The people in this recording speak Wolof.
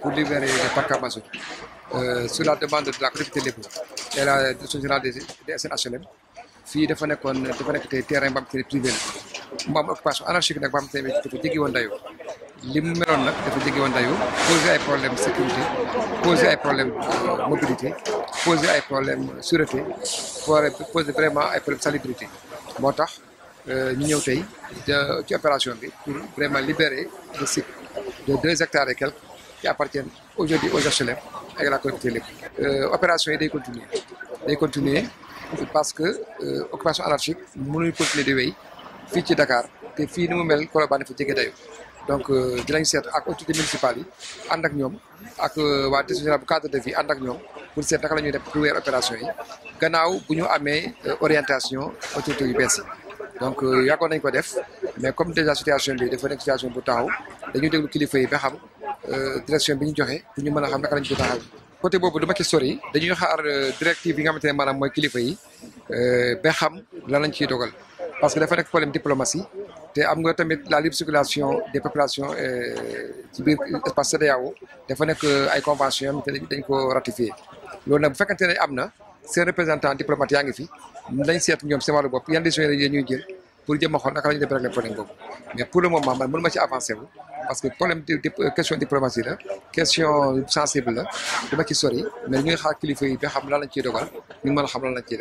pour libérer les parcs à mazout sur la demande de la collectivité lébou et la direction générale des SNHLM fii dafa nekkoon dafa nekk tey terrain ba am tey privé la mu am occupation anarchique nag ba am tey dafa jéggi woon dayoo li mu meloon nag dafa jéggi woon dayoo poser ay problème sécurité poser ay problème mobilité poser ay problème sûreté pour poser vraiment ay problème salubrité moo tax Euh, nous avons opération pour vraiment libérer le site de deux hectares qui appartiennent aujourd'hui aux et à la communauté euh, opération est day continuer parce que l'occupation euh, anarchique nous continuer Dakar donc je l'ai autorités municipales cadre de vie pour opération orientation autour de donc euh, yàggoon nañ ko def mais comme déjà situation bi dafa nekk situation bu taxaw dañuy déglu kilifa yi ba xam euh, direction bi ñu joxe pour ñu mën a xam naka lañ ko taxaw côté boobu dama ci sori dañuy xaar euh, directive yi nga xamante ne maanaam mooy kilifa yi ba xam lan lañ ciy dogal parce que dafa nekk problème diplomatie te am nga tamit la libre circulation des populations ci biir espace CEDEAO dafa nekk ay convention te dañ ko ratifié loolu nag bu fekkante ne am na seen représentant diplomate yaa ngi fi lañ seet ñoom seen wàllu bopp yan décision yi ñuy jël pour jëm a xool naka la ñuy def régler problème boobu mais pour le moment man mënu ma ci avancé wu parce que problème question diplomatie la question sensible la dama ci sori mais ñuy xaar kilifa ba xam lan lañ ciy dogal ñu mën a xam lan lañ ciy